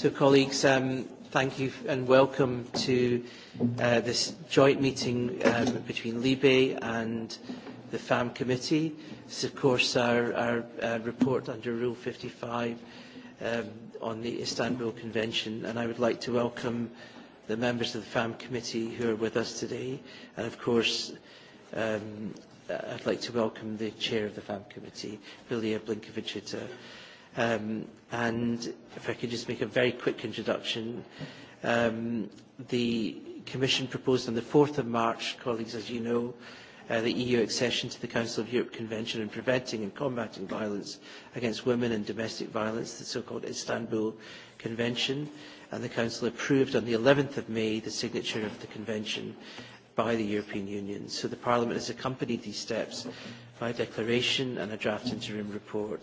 So, colleagues, um, thank you and welcome to uh, this joint meeting um, between Libe and the FAM committee. This is, of course, our, our uh, report under Rule 55 um, on the Istanbul Convention, and I would like to welcome the members of the FAM committee who are with us today, and of course, um, I'd like to welcome the chair of the FAM committee, Lilia Blinkovic-Hitta. Um, and if I could just make a very quick introduction. Um, the Commission proposed on the 4th of March, colleagues, as you know, uh, the EU accession to the Council of Europe Convention on Preventing and Combating Violence Against Women and Domestic Violence, the so-called Istanbul Convention, and the Council approved on the 11th of May the signature of the Convention by the European Union. So the Parliament has accompanied these steps by a declaration and a draft interim report,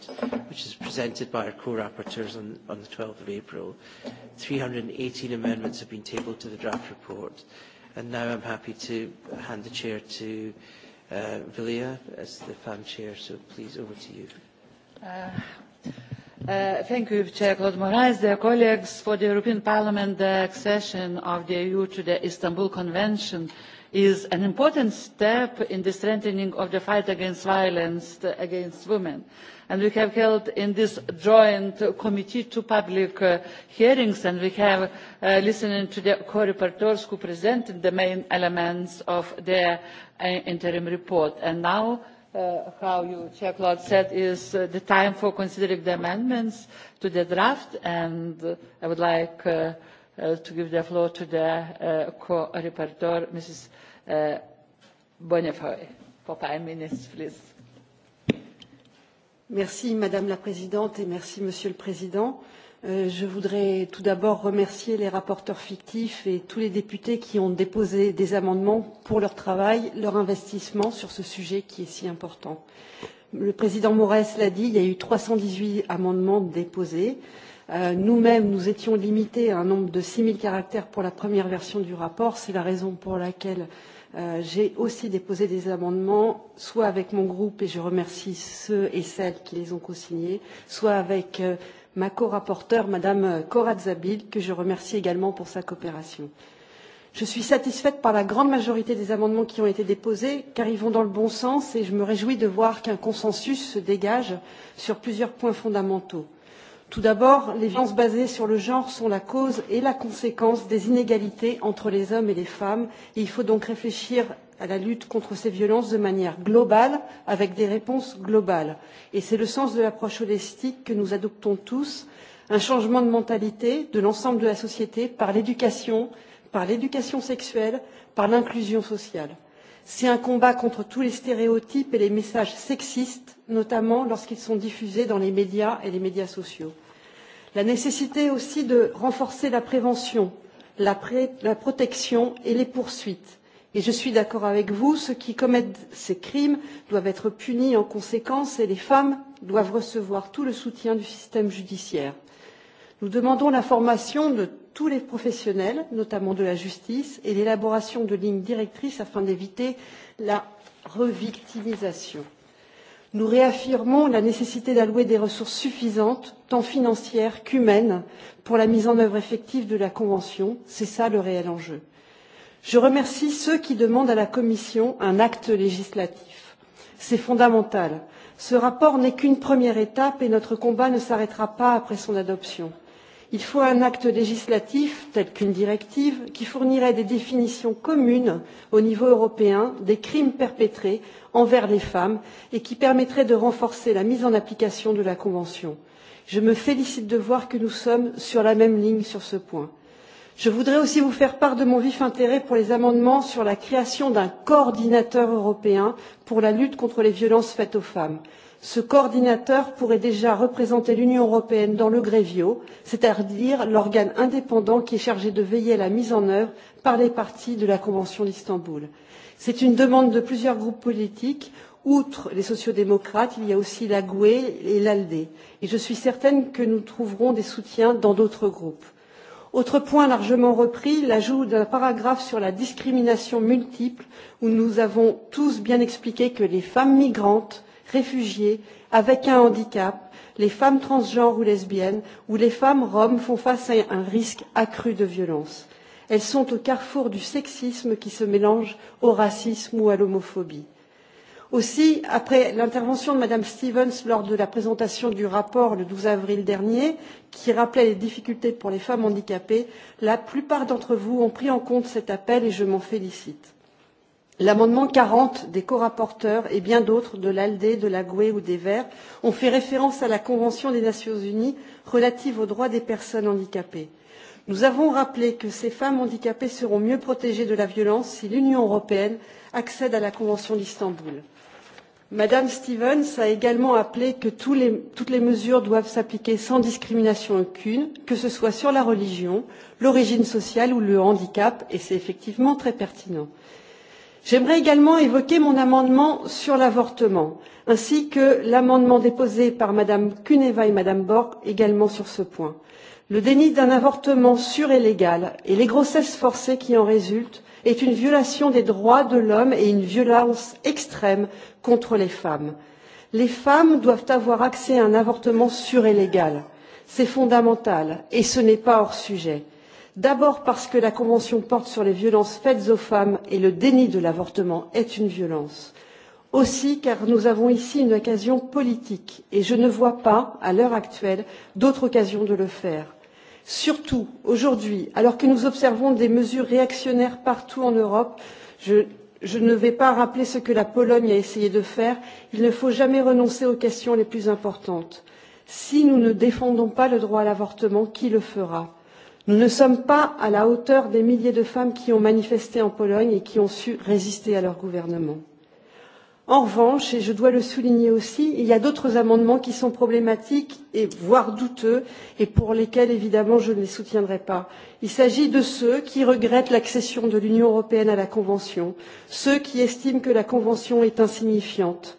which is presented by our co-rapporteurs on, on the 12th of April. 318 amendments have been tabled to the draft report. And now I'm happy to hand the chair to uh, Vilia as the FAM chair, so please over to you. Uh, Uh, thank you, Chair Claude Moraes, dear colleagues. For the European Parliament, the accession of the EU to the Istanbul Convention uh, is an important step in the strengthening of the fight against violence uh, against women and we have held in this joint committee two public uh, hearings and we have uh, listened to the co rapporteurs who presented the main elements of their uh, interim report and now uh, how you, Chair Claude said, is uh, the time for considering the amendments to the draft, and uh, I would like uh, uh, to give the floor to the uh, co-rapporteur, Mrs. Uh, Bonnefoy, for five minutes, please. Merci Madame la Présidente et merci Monsieur le Président. Euh, je voudrais tout d'abord remercier les rapporteurs fictifs et tous les députés qui ont déposé des amendements pour leur travail, leur investissement sur ce sujet qui est si important. Le président Moraes l'a dit, il y a eu 318 amendements déposés. Euh, Euh, nous-mêmes, nous étions limités à un nombre de 6000 caractères pour la première version du rapport. C'est la raison pour laquelle euh, j'ai aussi déposé des amendements, soit avec mon groupe, et je remercie ceux et celles qui les ont co-signés, soit avec euh, ma co-rapporteure, Madame euh, Corazzabil, que je remercie également pour sa coopération. Je suis satisfaite par la grande majorité des amendements qui ont été déposés, car ils vont dans le bon sens et je me réjouis de voir qu'un consensus se dégage sur plusieurs points fondamentaux. Tout d'abord, les violences basées sur le genre sont la cause et la conséquence des inégalités entre les hommes et les femmes. Et il faut donc réfléchir à la lutte contre ces violences de manière globale, avec des réponses globales. Et c'est le sens de l'approche holistique que nous adoptons tous, un changement de mentalité de l'ensemble de la société par l'éducation, par l'éducation sexuelle, par l'inclusion sociale. C'est un combat contre tous les stéréotypes et les messages sexistes, notamment lorsqu'ils sont diffusés dans les médias et les médias sociaux. La nécessité aussi de renforcer la prévention, la, pré la protection et les poursuites. Et je suis d'accord avec vous, ceux qui commettent ces crimes doivent être punis en conséquence et les femmes doivent recevoir tout le soutien du système judiciaire. Nous demandons la formation de tous les professionnels, notamment de la justice, et l'élaboration de lignes directrices afin d'éviter la revictimisation. Nous réaffirmons la nécessité d'allouer des ressources suffisantes, tant financières qu'humaines, pour la mise en œuvre effective de la Convention. C'est ça le réel enjeu. Je remercie ceux qui demandent à la Commission un acte législatif. C'est fondamental. Ce rapport n'est qu'une première étape et notre combat ne s'arrêtera pas après son adoption. Il faut un acte législatif, tel qu'une directive, qui fournirait des définitions communes au niveau européen des crimes perpétrés envers les femmes et qui permettrait de renforcer la mise en application de la Convention. Je me félicite de voir que nous sommes sur la même ligne sur ce point je voudrais aussi vous faire part de mon vif intérêt pour les amendements sur la création d'un coordinateur européen pour la lutte contre les violences faites aux femmes. ce coordinateur pourrait déjà représenter l'union européenne dans le grevio c'est à dire l'organe indépendant qui est chargé de veiller à la mise en œuvre par les parties de la convention d'istanbul. c'est une demande de plusieurs groupes politiques outre les sociaux démocrates il y a aussi la gue et l'alde et je suis certaine que nous trouverons des soutiens dans d'autres groupes. Autre point largement repris, l'ajout d'un paragraphe sur la discrimination multiple, où nous avons tous bien expliqué que les femmes migrantes, réfugiées, avec un handicap, les femmes transgenres ou lesbiennes, ou les femmes roms font face à un risque accru de violence. Elles sont au carrefour du sexisme qui se mélange au racisme ou à l'homophobie Aussi, après l'intervention de Mme Stevens lors de la présentation du rapport le 12 avril dernier, qui rappelait les difficultés pour les femmes handicapées, la plupart d'entre vous ont pris en compte cet appel et je m'en félicite. L'amendement 40 des co-rapporteurs et bien d'autres de l'ALDE, de la GUE ou des Verts ont fait référence à la Convention des Nations Unies relative aux droits des personnes handicapées. Nous avons rappelé que ces femmes handicapées seront mieux protégées de la violence si l'Union européenne accède à la Convention d'Istanbul. Madame Stevens a également appelé que tous les, toutes les mesures doivent s'appliquer sans discrimination aucune, que ce soit sur la religion, l'origine sociale ou le handicap, et c'est effectivement très pertinent. J'aimerais également évoquer mon amendement sur l'avortement, ainsi que l'amendement déposé par Madame Cuneva et Madame Borg également sur ce point. Le déni d'un avortement sûr et légal et les grossesses forcées qui en résultent est une violation des droits de l'homme et une violence extrême contre les femmes. Les femmes doivent avoir accès à un avortement sûr et légal. C'est fondamental et ce n'est pas hors sujet. D'abord parce que la Convention porte sur les violences faites aux femmes et le déni de l'avortement est une violence. Aussi car nous avons ici une occasion politique et je ne vois pas, à l'heure actuelle, d'autre occasion de le faire Surtout, aujourd'hui, alors que nous observons des mesures réactionnaires partout en Europe, je, je ne vais pas rappeler ce que la Pologne a essayé de faire, il ne faut jamais renoncer aux questions les plus importantes. Si nous ne défendons pas le droit à l'avortement, qui le fera Nous ne sommes pas à la hauteur des milliers de femmes qui ont manifesté en Pologne et qui ont su résister à leur gouvernement. En revanche, et je dois le souligner aussi, il y a d'autres amendements qui sont problématiques et voire douteux et pour lesquels, évidemment, je ne les soutiendrai pas. Il s'agit de ceux qui regrettent l'accession de l'Union européenne à la Convention, ceux qui estiment que la Convention est insignifiante.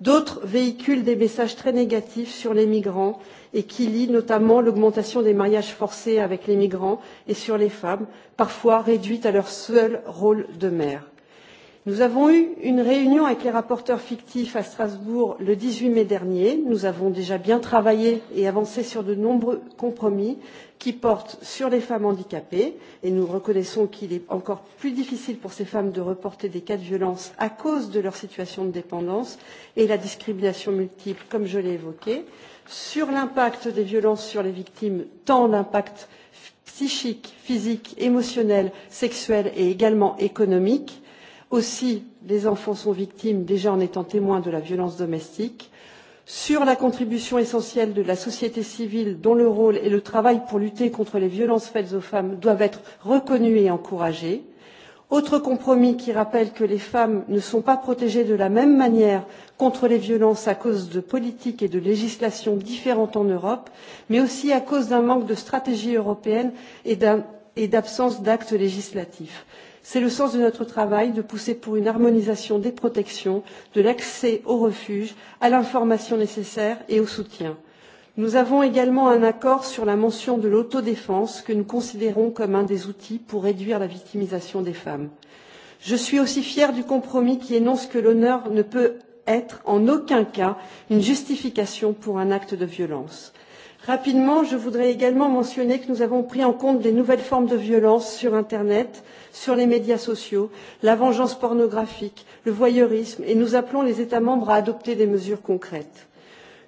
D'autres véhiculent des messages très négatifs sur les migrants et qui lient notamment l'augmentation des mariages forcés avec les migrants et sur les femmes, parfois réduites à leur seul rôle de mère. Nous avons eu une réunion avec les rapporteurs fictifs à Strasbourg le 18 mai dernier. Nous avons déjà bien travaillé et avancé sur de nombreux compromis qui portent sur les femmes handicapées et nous reconnaissons qu'il est encore plus difficile pour ces femmes de reporter des cas de violence à cause de leur situation de dépendance et la discrimination multiple, comme je l'ai évoqué, sur l'impact des violences sur les victimes, tant l'impact psychique, physique, émotionnel, sexuel et également économique Aussi, les enfants sont victimes déjà en étant témoins de la violence domestique. Sur la contribution essentielle de la société civile, dont le rôle et le travail pour lutter contre les violences faites aux femmes doivent être reconnus et encouragés. Autre compromis qui rappelle que les femmes ne sont pas protégées de la même manière contre les violences à cause de politiques et de législations différentes en Europe, mais aussi à cause d'un manque de stratégie européenne et d'absence d'actes législatifs. C'est le sens de notre travail de pousser pour une harmonisation des protections, de l'accès au refuge, à l'information nécessaire et au soutien. Nous avons également un accord sur la mention de l'autodéfense que nous considérons comme un des outils pour réduire la victimisation des femmes. Je suis aussi fière du compromis qui énonce que l'honneur ne peut être en aucun cas une justification pour un acte de violence. Rapidement, je voudrais également mentionner que nous avons pris en compte les nouvelles formes de violence sur Internet, sur les médias sociaux, la vengeance pornographique, le voyeurisme, et nous appelons les États membres à adopter des mesures concrètes.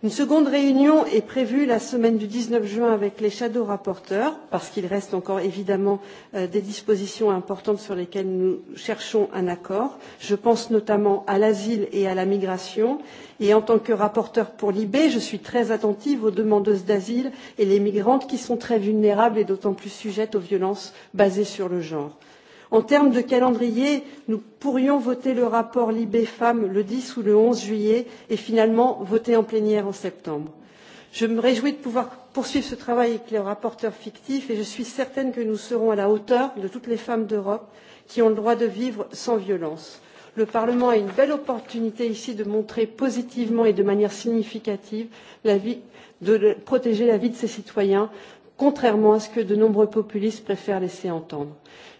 Une seconde réunion est prévue la semaine du 19 juin avec les shadow rapporteurs, parce qu'il reste encore évidemment euh, des dispositions importantes sur lesquelles nous cherchons un accord. Je pense notamment à l'asile et à la migration. Et en tant que rapporteur pour l'IB, je suis très attentive aux demandeuses d'asile et les migrantes qui sont très vulnérables et d'autant plus sujettes aux violences basées sur le genre. En termes de calendrier, nous pourrions voter le rapport Libé Femmes le 10 ou le 11 juillet et finalement voter en plénière en septembre. Je me réjouis de pouvoir poursuivre ce travail avec les rapporteurs fictifs et je suis certaine que nous serons à la hauteur de toutes les femmes d'Europe qui ont le droit de vivre sans violence. Le Parlement a une belle opportunité ici de montrer positivement et de manière significative la vie, de protéger la vie de ses citoyens contrairement à ce que de nombreux populistes préfèrent laisser entendre.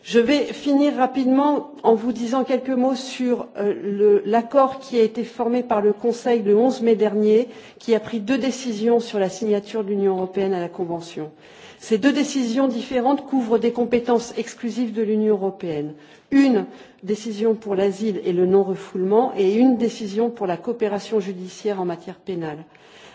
Je vais finir rapidement en vous disant quelques mots sur euh, l'accord qui a été formé par le Conseil le 11 mai dernier, qui a pris deux décisions sur la signature de l'Union européenne à la Convention. Ces deux décisions différentes couvrent des compétences exclusives de l'Union européenne. Une décision pour l'asile et le non-refoulement et une décision pour la coopération judiciaire en matière pénale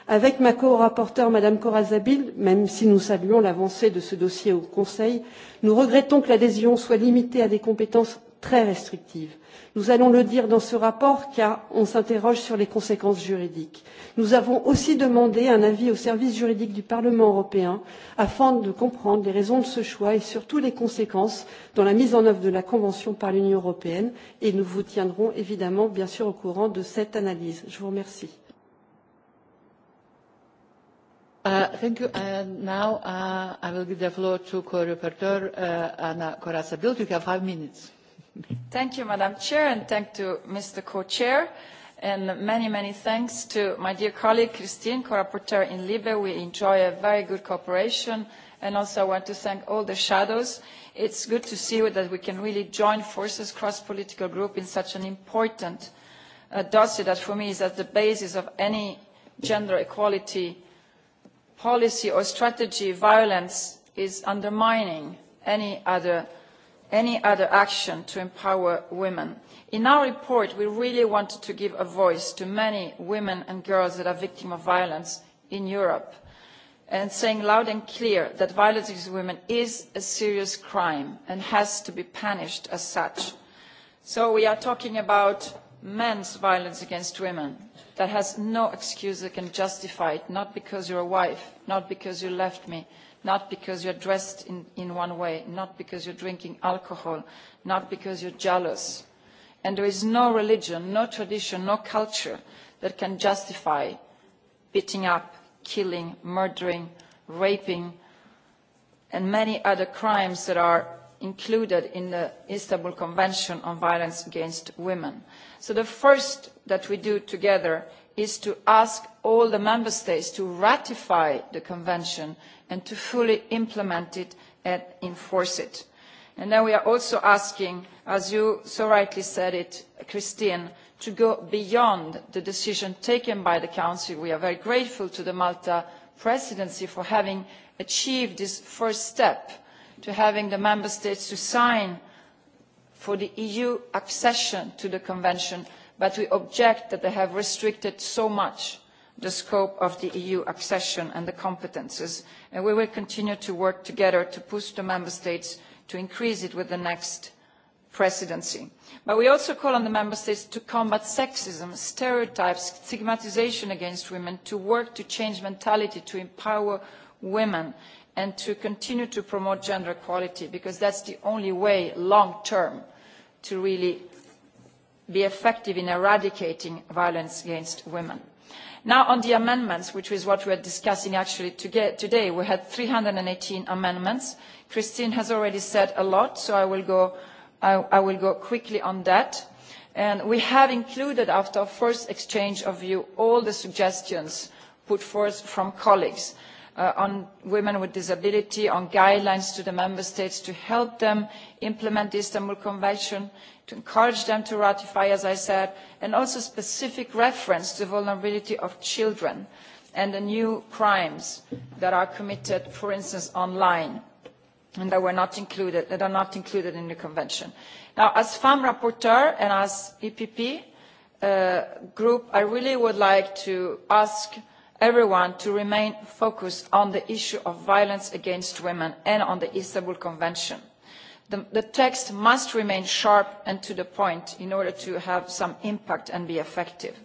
avec ma corapporteure mme corazza bildt même si nous saluons l'avancée de ce dossier au conseil nous regrettons que l'adhésion soit limitée à des compétences très restrictives. nous allons le dire dans ce rapport car on s'interroge sur les conséquences juridiques. nous avons aussi demandé un avis au service juridique du parlement européen afin de comprendre les raisons de ce choix et surtout les conséquences dans la mise en œuvre de la convention par l'union européenne et nous vous tiendrons évidemment bien sûr au courant de cette analyse. je vous remercie. Uh, thank you. And now uh, I will give the floor to co-rapporteur uh, Anna Corazza Bildt. You have five minutes. thank you, Madam Chair, and thank to Mr. Co-Chair. And many, many thanks to my dear colleague, Christine, co-rapporteur in Libe. We enjoy a very good cooperation. And also I want to thank all the shadows. It's good to see that we can really join forces cross-political group in such an important uh, dossier that for me is at the basis of any gender equality uh, policy or strategy violence is undermining any other, any other action to empower women. in our report we really wanted to give a voice to many women and girls that are victims of violence in europe and saying loud and clear that violence against women is a serious crime and has to be punished as such. so we are talking about men's violence against women that has no excuse that can justify it, not because you're a wife, not because you left me, not because you're dressed in, in one way, not because you're drinking alcohol, not because you're jealous. And there is no religion, no tradition, no culture that can justify beating up, killing, murdering, raping, and many other crimes that are included in the Istanbul Convention on Violence Against Women. So the first that we do together is to ask all the member states to ratify the convention and to fully implement it and enforce it. And then we are also asking, as you so rightly said it, Christine, to go beyond the decision taken by the Council. We are very grateful to the Malta presidency for having achieved this first step to having the member states to sign for the EU accession to the convention but we object that they have restricted so much the scope of the eu accession and the competences and we will continue to work together to push the member states to increase it with the next presidency. but we also call on the member states to combat sexism stereotypes stigmatisation against women to work to change mentality to empower women and to continue to promote gender equality because that is the only way long term to really be effective in eradicating violence against women. Now on the amendments, which is what we are discussing actually today, we had 318 amendments. Christine has already said a lot, so I will go, I, I will go quickly on that. And we have included, after our first exchange of view, all the suggestions put forth from colleagues uh, on women with disabilities on guidelines to the member states to help them implement the istanbul convention to encourage them to ratify as i said and also specific reference to the vulnerability of children and the new crimes that are committed for instance online and that were not included that are not included in the convention. Now, as FAM rapporteur and as EPP uh, group, I really would like to ask everyone to remain focused on the issue of violence against women and on the istanbul convention. the, the text must remain sharp and to the point in order to have some impact and be effective.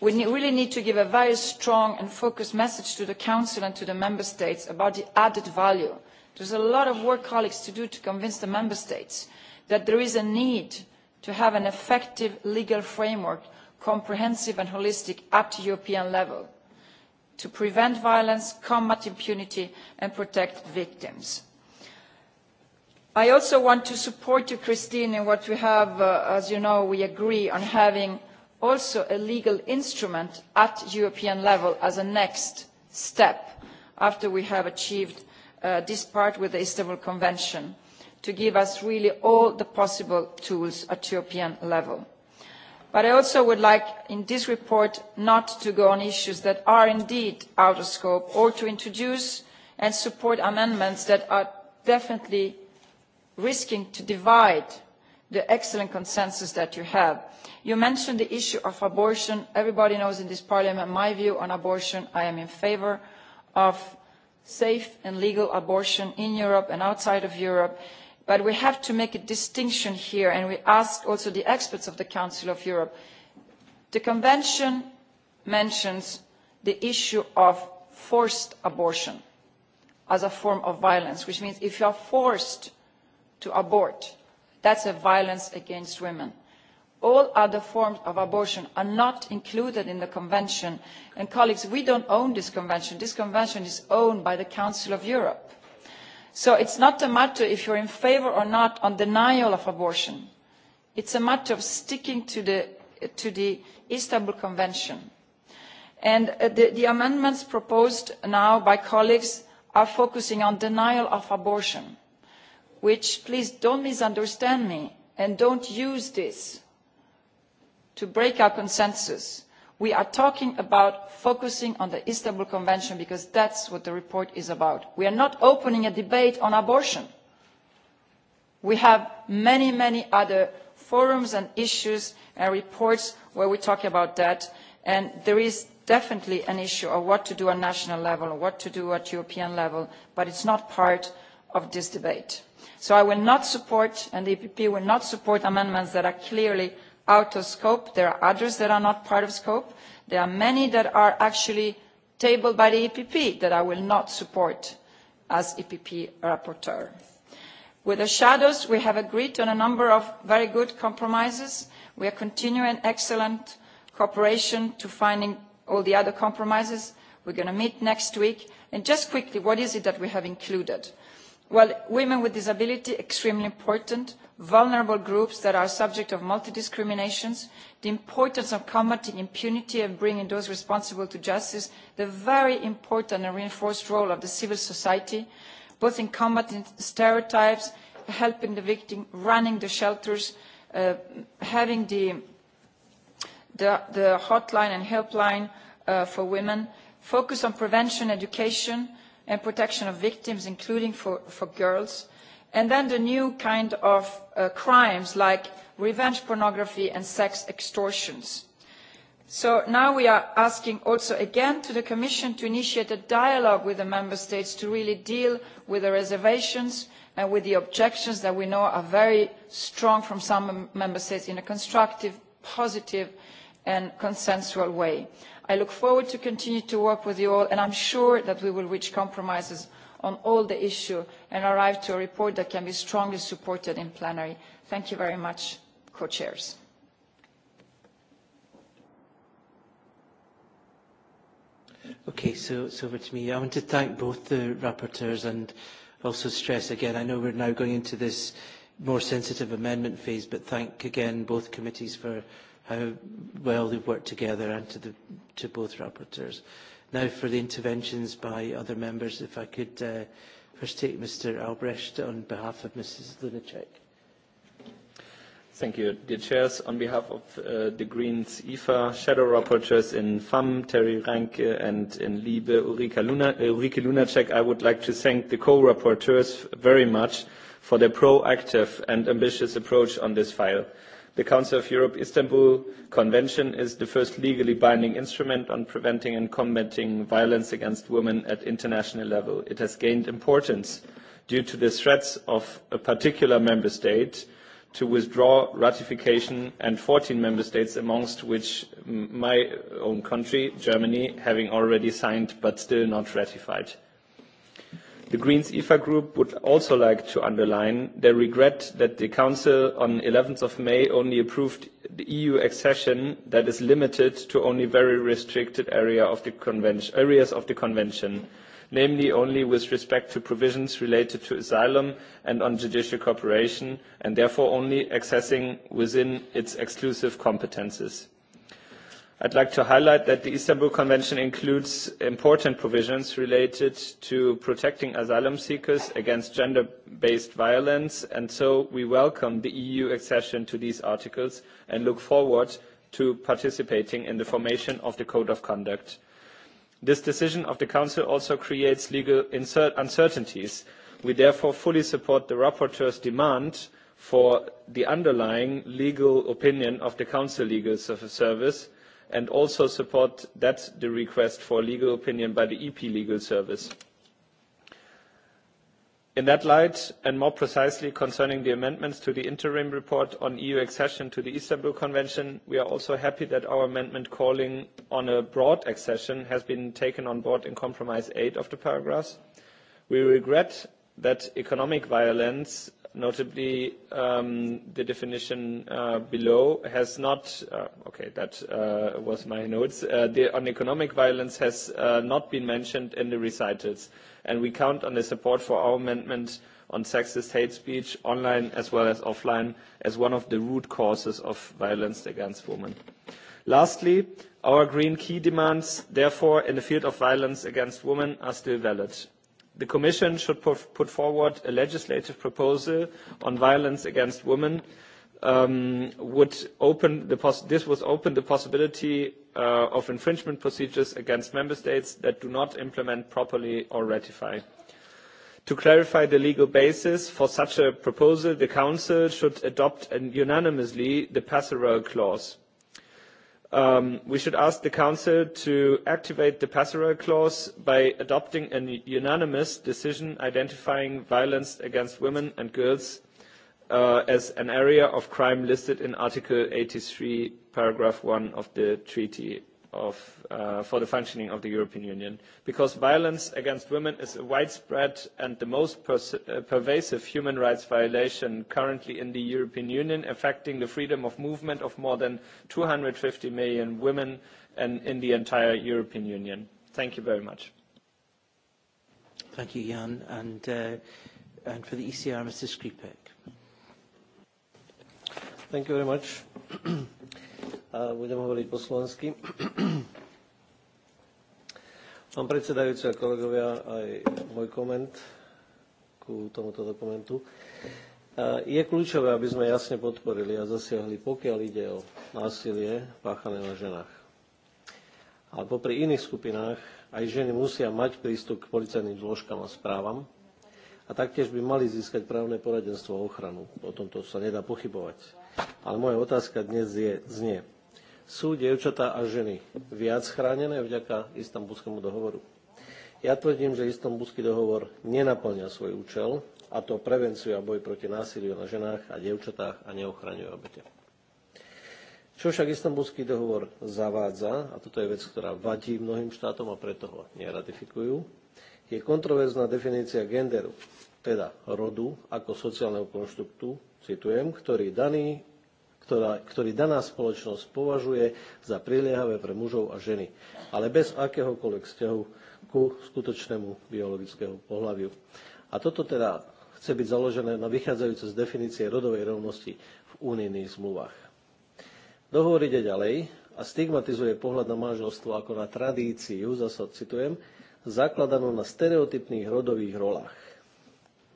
we ne really need to give a very strong and focused message to the council and to the member states about the added value. there is a lot of work colleagues to do to convince the member states that there is a need to have an effective legal framework comprehensive and holistic at european level to prevent violence, combat impunity and protect victims. I also want to support you, Christine, in what we have, uh, as you know, we agree on having also a legal instrument at European level as a next step after we have achieved uh, this part with the Istanbul Convention to give us really all the possible tools at European level but i also would like in this report not to go on issues that are indeed out of scope or to introduce and support amendments that are definitely risking dividing the excellent consensus that you have. you mentioned the issue of abortion. everybody knows in this parliament my view on abortion. i am in favour of safe and legal abortion in europe and outside of europe but we have to make a distinction here and we asked also the experts of the council of europe the convention mentions the issue of forced abortion as a form of violence which means if you are forced to abort that is a violence against women. all other forms of abortion are not included in the convention and colleagues we do not own this convention this convention is owned by the council of europe so it is not a matter of if you are in favour or not on denial of abortion it is a matter of sticking to the, to the istanbul convention and uh, the, the amendments proposed now by colleagues are focusing on denial of abortion which please do not misunderstand me and do not use this to break our consensus we are talking about focusing on the istanbul convention because that is what the report is about. we are not opening a debate on abortion. we have many many other forums and issues and reports where we talk about that and there is definitely an issue of what to do at national level and what to do at european level but it is not part of this debate. so i will not support and the epp will not support amendments that are clearly out of scope. There are others that are not part of scope. There are many that are actually tabled by the EPP that I will not support as EPP rapporteur. With the shadows, we have agreed on a number of very good compromises. We are continuing excellent cooperation to finding all the other compromises. We're going to meet next week. And just quickly, what is it that we have included? Uh, Well, women with disability, extremely important, vulnerable groups that are subject of multi-discriminations, the importance of combating impunity and bringing those responsible to justice, the very important and reinforced role of the civil society, both in combating stereotypes, helping the victim, running the shelters, uh, having the, the, the hotline and helpline uh, for women, focus on prevention, education, and protection of victims, including for, for girls. And then the new kind of uh, crimes like revenge pornography and sex extortions. So now we are asking also again to the Commission to initiate a dialogue with the Member States to really deal with the reservations and with the objections that we know are very strong from some Member States in a constructive, positive and consensual way. I look forward to continue to work with you all and I'm sure that we will reach compromises on all the issues and arrive to a report that can be strongly supported in plenary. Thank you very much, co-chairs. Okay, so it's over to me. I want to thank both the rapporteurs and also stress again, I know we're now going into this more sensitive amendment phase, but thank again both committees for how well they've worked together and to, the, to both rapporteurs. Now for the interventions by other members, if I could uh, first take Mr Albrecht on behalf of Mrs Lunacek. Thank you, dear chairs. On behalf of uh, the Greens, IFA, shadow rapporteurs in FAM, Terry Ranke, and in Liebe, Ulrike, Luna, uh, Ulrike Lunacek, I would like to thank the co-rapporteurs very much for their proactive and ambitious approach on this file. The Council of Europe Istanbul Convention is the first legally binding instrument on preventing and combating violence against women at international level. It has gained importance due to the threats of a particular member state to withdraw ratification and 14 member states amongst which my own country, Germany, having already signed but still not ratified. The Greens IFA e group would also like to underline their regret that the Council on 11th of May only approved the EU accession that is limited to only very restricted area of the convention, areas of the Convention, namely only with respect to provisions related to asylum and on judicial cooperation, and therefore only accessing within its exclusive competences. I'd like to highlight that the Istanbul Convention includes important provisions related to protecting asylum seekers against gender-based violence, and so we welcome the EU accession to these articles and look forward to participating in the formation of the Code of Conduct. This decision of the Council also creates legal uncertainties. We therefore fully support the rapporteur's demand for the underlying legal opinion of the Council Legal Service and also support that the request for legal opinion by the EP legal service. In that light, and more precisely concerning the amendments to the interim report on EU accession to the Istanbul Convention, we are also happy that our amendment calling on a broad accession has been taken on board in Compromise 8 of the paragraphs. We regret that economic violence notably um, the definition uh, below has not uh, okay that uh, was my notes uh, the, on economic violence has uh, not been mentioned in the recitals and we count on the support for our amendment on sexist hate speech online as well as offline as one of the root causes of violence against women lastly our green key demands therefore in the field of violence against women are still valid the commission should put forward a legislative proposal on violence against women um, would open the pos- this would open the possibility uh, of infringement procedures against member states that do not implement properly or ratify. To clarify the legal basis for such a proposal, the Council should adopt unanimously the passerelle clause Um, we should ask the Council to activate the passerelle clause by adopting a unanimous decision identifying violence against women and girls uh, as an area of crime listed in Article 83, paragraph 1 of the treaty of, uh, for the functioning of the European Union, because violence against women is a widespread and the most per uh, pervasive human rights violation currently in the European Union, affecting the freedom of movement of more than 250 million women and in the entire European Union. Thank you very much. Thank you, Jan. And, uh, and for the ECR, Mr. Skripek. Thank you very much. A budem hovoriť po slovensky. Pán predsedajúci a kolegovia, aj môj koment ku tomuto dokumentu. Je kľúčové, aby sme jasne podporili a zasiahli, pokiaľ ide o násilie páchané na ženách. Ale popri iných skupinách aj ženy musia mať prístup k policajným zložkám a správam a taktiež by mali získať právne poradenstvo a ochranu. O tomto sa nedá pochybovať Ale moja otázka dnes je, znie. Sú dievčatá a ženy viac chránené vďaka istambulskému dohovoru? Ja tvrdím, že istambulský dohovor nenaplňa svoj účel, a to prevenciu a boj proti násiliu na ženách a dievčatách a neochraňuje obete. Čo však istambulský dohovor zavádza, a toto je vec, ktorá vadí mnohým štátom a preto ho neratifikujú, je kontroverzná definícia genderu, teda rodu ako sociálneho konštruktu, citujem, ktorý, daný, ktorá, ktorý daná spoločnosť považuje za priliehavé pre mužov a ženy, ale bez akéhokoľvek vzťahu ku skutočnému biologického pohľaviu. A toto teda chce byť založené na vychádzajúce z definície rodovej rovnosti v unijných zmluvách. Dohovor ide ďalej a stigmatizuje pohľad na manželstvo ako na tradíciu, zasa citujem, zakladanú na stereotypných rodových rolách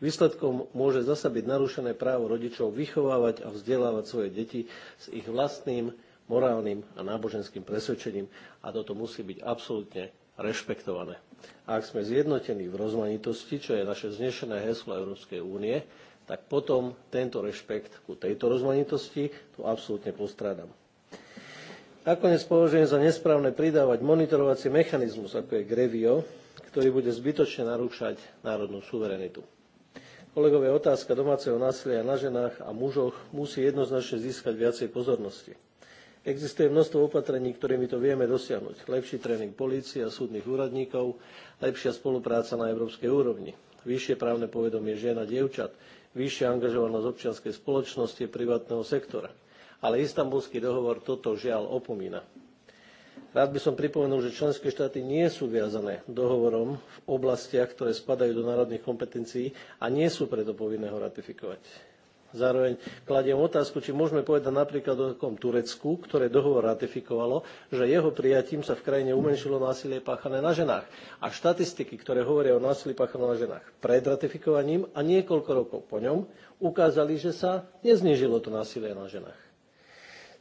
Výsledkom môže zasa byť narušené právo rodičov vychovávať a vzdelávať svoje deti s ich vlastným morálnym a náboženským presvedčením a toto musí byť absolútne rešpektované. A ak sme zjednotení v rozmanitosti, čo je naše znešené heslo Európskej únie, tak potom tento rešpekt ku tejto rozmanitosti tu absolútne postrádam. Nakoniec považujem za nesprávne pridávať monitorovací mechanizmus, ako je Grevio, ktorý bude zbytočne narúšať národnú suverenitu Kolegové, otázka domáceho násilia na ženách a mužoch musí jednoznačne získať viacej pozornosti. Existuje množstvo opatrení, ktorými to vieme dosiahnuť. Lepší tréning polície a súdnych úradníkov, lepšia spolupráca na európskej úrovni, vyššie právne povedomie žien a dievčat, vyššia angažovanosť občianskej spoločnosti a privátneho sektora. Ale istambulský dohovor toto žiaľ opomína. Rád by som pripomenul, že členské štáty nie sú viazané dohovorom v oblastiach, ktoré spadajú do národných kompetencií a nie sú preto povinné ho ratifikovať. Zároveň kladiem otázku, či môžeme povedať napríklad o takom Turecku, ktoré dohovor ratifikovalo, že jeho prijatím sa v krajine umenšilo násilie páchané na ženách. A štatistiky, ktoré hovoria o násilí páchanom na ženách pred ratifikovaním a niekoľko rokov po ňom, ukázali, že sa neznižilo to násilie na ženách.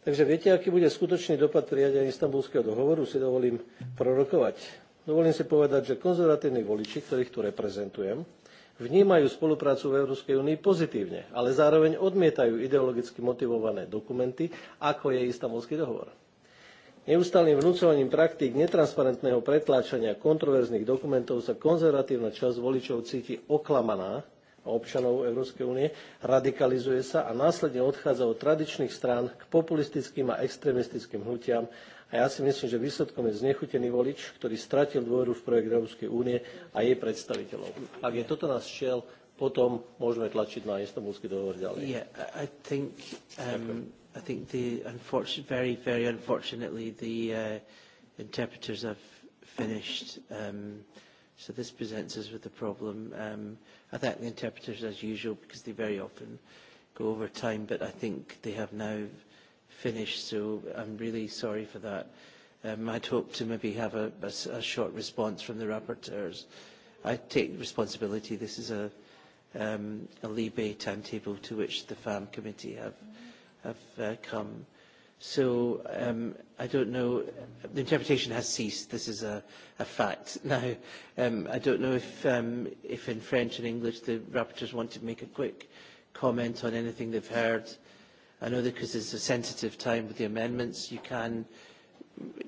Takže viete, aký bude skutočný dopad prijatia istambulského dohovoru, si dovolím prorokovať. Dovolím si povedať, že konzervatívni voliči, ktorých tu reprezentujem, vnímajú spoluprácu v Európskej únii pozitívne, ale zároveň odmietajú ideologicky motivované dokumenty, ako je istambulský dohovor. Neustálým vnúcovaním praktík netransparentného pretláčania kontroverzných dokumentov sa konzervatívna časť voličov cíti oklamaná občanov Európskej únie, radikalizuje sa a následne odchádza od tradičných strán k populistickým a extrémistickým hnutiam a ja si myslím, že výsledkom je znechutený volič, ktorý stratil dôveru v projekt Európskej únie a jej predstaviteľov. Ak je toto nás šiel, potom môžeme tlačiť na istambulský dohovor ďalej. Yeah, I think, um, I think the unfortunate, very, very unfortunately, the uh, interpreters have finished. Um, so this presents us with a problem. Um, I thank the interpreters as usual because they very often go over time, but I think they have now finished, so I'm really sorry for that. Um, I'd hoped to maybe have a, a, a short response from the rapporteurs. I take responsibility. This is a, um, a Libe timetable to which the FAM committee have, have uh, come. Uh, So um, I don't know, the interpretation has ceased, this is a, a fact. Now, um, I don't know if, um, if in French and English the rapporteurs want to make a quick comment on anything they've heard. I know that because it's a sensitive time with the amendments, you can,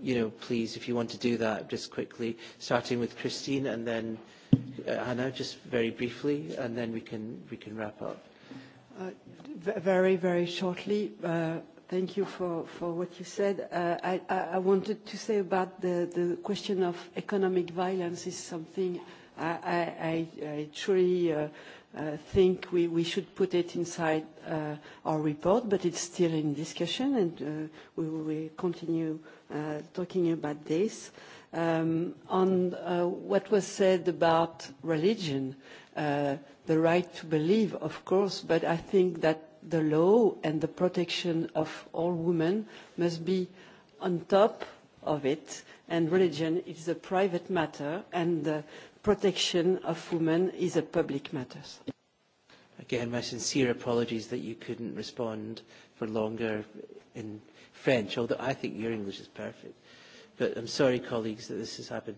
you know, please, if you want to do that, just quickly, starting with Christine and then uh, Hannah, just very briefly, and then we can, we can wrap up. Uh, very, very shortly. Uh, Thank you for, for what you said. Uh, I, I wanted to say about the, the question of economic violence is something I, I, I truly uh, uh, think we, we should put it inside uh, our report, but it's still in discussion and uh, we will continue uh, talking about this. Um, on uh, what was said about religion, uh, the right to believe, of course, but I think that the law and the protection of all women must be on top of it and religion is a private matter and the protection of women is a public matter. Again, my sincere apologies that you couldn't respond for longer in French, although I think your English is perfect. But I'm sorry, colleagues, that this has happened.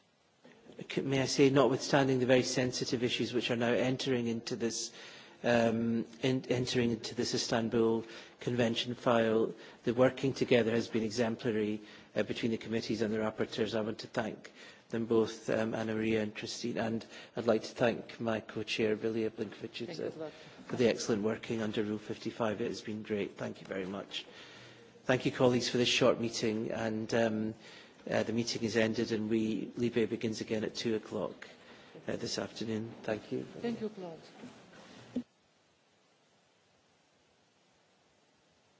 may I say, notwithstanding the very sensitive issues which are now entering into this, um, in, entering into this Istanbul Convention file, the working together has been exemplary uh, between the committees and the rapporteurs. I want to thank them both, um, Anna Maria and Christine, and I'd like to thank my co-chair, Vilja Blinkovic, uh, for the excellent working under Rule 55. It has been great. Thank you very much. Thank you, colleagues, for this short meeting. And, um, Uh, the meeting is ended and we, Libe begins again at 2 o'clock uh, this afternoon. Thank you. Thank you, Claude.